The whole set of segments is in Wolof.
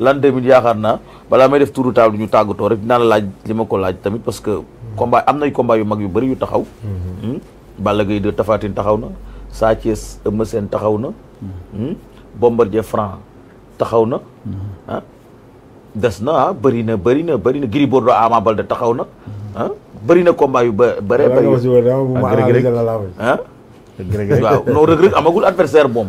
lan tamit yaakaar naa balaa may def tour de table ñu tàggatoo rek dinaa laaj li ma ko laaj tamit parce que combat am nay combat yu mag yu bëri yu taxaw mhm. hmm? Balla Gaye 2 Tapha taxaw na Sa Thiès Eumeu Sène taxaw na mhm. hmm? Bombardier Franc taxaw na mhm. ah? des na ah bëri na bari na bëri na Gris Bordeaux taxaw na ah bëri na combat yu ba bëree bëri rek ah rëg-rëg waaw non rëg-rëg ah, ah? amagul adversaire moom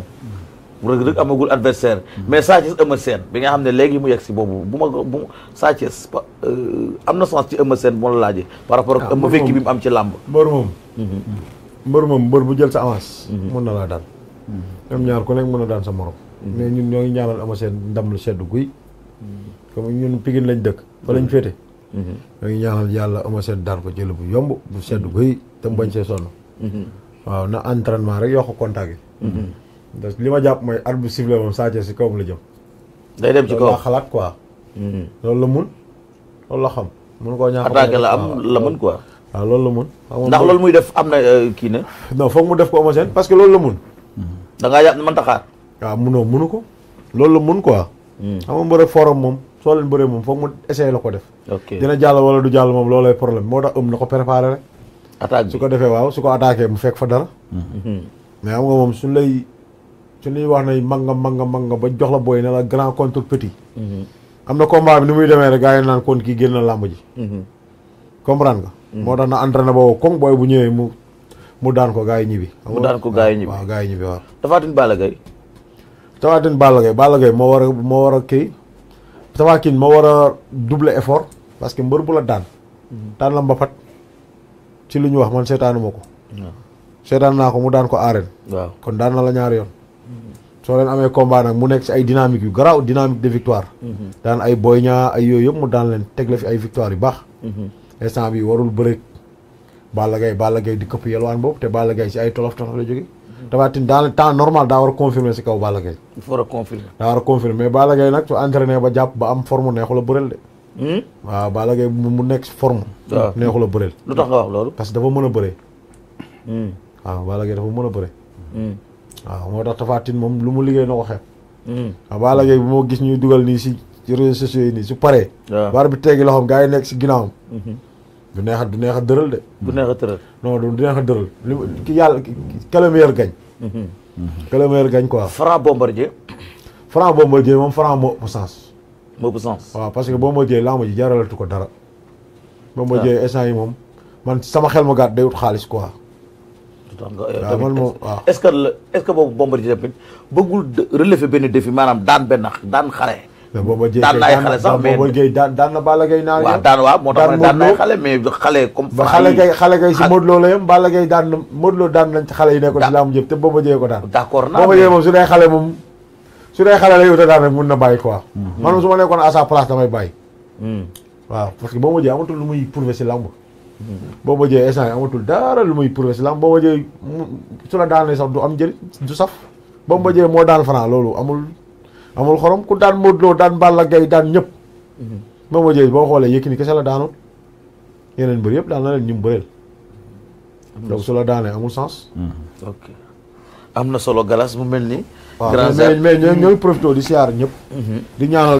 Reug Reug amagul adversaire mais Sa Thiès Eumeu Sène bi nga xam ne mu yegg si buma bu ma bu Sa Thiès euh, am na sens ci Eumeu Sène bu ma la laajee par rapport ak ah, Eumeu fekki bi mu am ci làmb mbër moom mhm. mbër moom mbër bu jël sa avance mhm. mun na laa daan mhm. ñoom ñaar ku nekk mën a daan sa morom mais ñun ñoo ngi ñaanal Eumeu ndam lu sedd guy comme ñun Pikine lañ dëkk fa lañ féete ñoo ngi ñaanal yàlla Eumeu ko jël bu yomb bu sedd guy te bañ waaw na entraînement rek yokk contact li ma jàpp mooy arbitre sifflé moom la jëm. day dem ci kawam xalaat quoi. Hmm. loolu la mun loolu la xam. mun koo ñaax attaqué la am ah, la mun quoi. waaw ah, loolu la mun. ndax loolu muy def am na euh, kii ne. non foog mu def ko seen parce que loolu la mun. Hmm. da ngaa yàq mënta xaar. waaw ah, munoo munu ko. loolu la mun quoi. Hmm. xam nga mbër forum moom soo leen moom foog mu essayé la ko def. dina jàll wala du jàll moom loolay problème moo tax ëm na ko préparé rek. attaque bi su ko defee waaw su ko attaqué mu fekk fa dara. mais xam nga moom suñ lay. ci li ñuy wax ne mag nga mag mag nga ba jox la booy ne la grand contre petit. Mhm. am na combat bi ni muy demee rek gars yi naan kon ki génn na làmb ji. Mhm. comprendre nga. Mhm. moo tax na entraîné boobu comme booy bu ñëwee mu mu daan ko gars yi ñibbi. mu daan ko gars yi ñibbi waaw gars yi ñibbi waaw. Tapha Tine Balla Gaye. Tapha Tine Balla moo war a moo war a kii Tapha Tine moo war a double effort parce que mbër bu la daan. daan la mbapat ci lu ñu wax man seetaanu ma ko. seetaan naa ko mu daan ko aareen. waaw kon daan na la ñaari yoon. soo leen amee combat nag mu nekk si ay dynamique yu garaaw dynamique de victoire. Mhm. daan ay Boy Niang ay yooyu yëpp mu daan leen teg la fi ay victoire yu baax. Mhm. instant bi warul bëre Balla Gaye di këpp yelwaan boobu te Balla Gaye ay tolof tolof la jógee. Mhm. Tapha Tine temps normal daa war a confirmer ci kaw Balla Gaye. il faut war a confirmer. daa war a confirmer mais Balla Gaye nag su entraîné ba jàpp ba am forme neexu la bëreel de. Hmm? waaw Balla mu nekk ci forme. waaw neexu la bëreel. lu tax nga que dafa mën a bëree. Hmm. waaw Balla Gaye dafa a bëree. Hmm. waaw moo tax Tapha Tine moom lu mu liggéey na ko xeeb. Hmm. waaw Balla Gaye bu moo gis ñuy dugal nii si ci réseaux sociaux yi nii su paree. waaw baar bi teggi loxoom gaa yi nekk si ginnaawam. Hmm. du neex du neex a dëral de. du neex a tëral. du neex a dëral ki yàlla que le meilleur gagne. Hmm. que le meilleur gagne quoi. Franc Bombardier. Franc Bombardier moom Franc moo ëpp sens. moo ëpp sens. waaw parce que Bombardier làmb ji jaralatu ko dara. waaw ah. Bombardier instant yi moom man sama xel ma gàtt day xaalis quoi. tax nga. waaw eh, ah, man moom waaw est ce que est ce que boobu benn défi maanaam daan benn daan daan naay xale sax mais daan na Balla Gaye naa waaw daan waaw moo tax ma ne daan naay xale mais xale gay xale gay si Modou Lo la yem Balla daan na Modou Lo daan nañ xale yi nekkoon si laamu jëm te booba Jéy ko daan d'accord naa moom su dee xale moom su dee xale lay uta daan rek mun na bàyyi quoi mhm. man moom su ma nekkoon à sa damay bàyyi mhm. parce que booba Jéy amatul lu muy prouver boo bojjee eh, instant yi amatul dara lu muy prouvé islam eh, lamb boo bojjee mm, su la daanee eh, sax du am njëriñ du saf boo bojjee moo daal Franc loolu amul amul xorom ku daan Modou Lo daan Balla Gaye daan ñëpp boo bojjee boo xoolee Yékini kese la daanoon yeneen mbër yëpp daan na leen ñu bëreel donc su la daanee amul sens mm-hmm. ok am na solo galas mu mel ni. grand mais mais ñooy profité di siyaar ñëpp mm-hmm. di ñaanal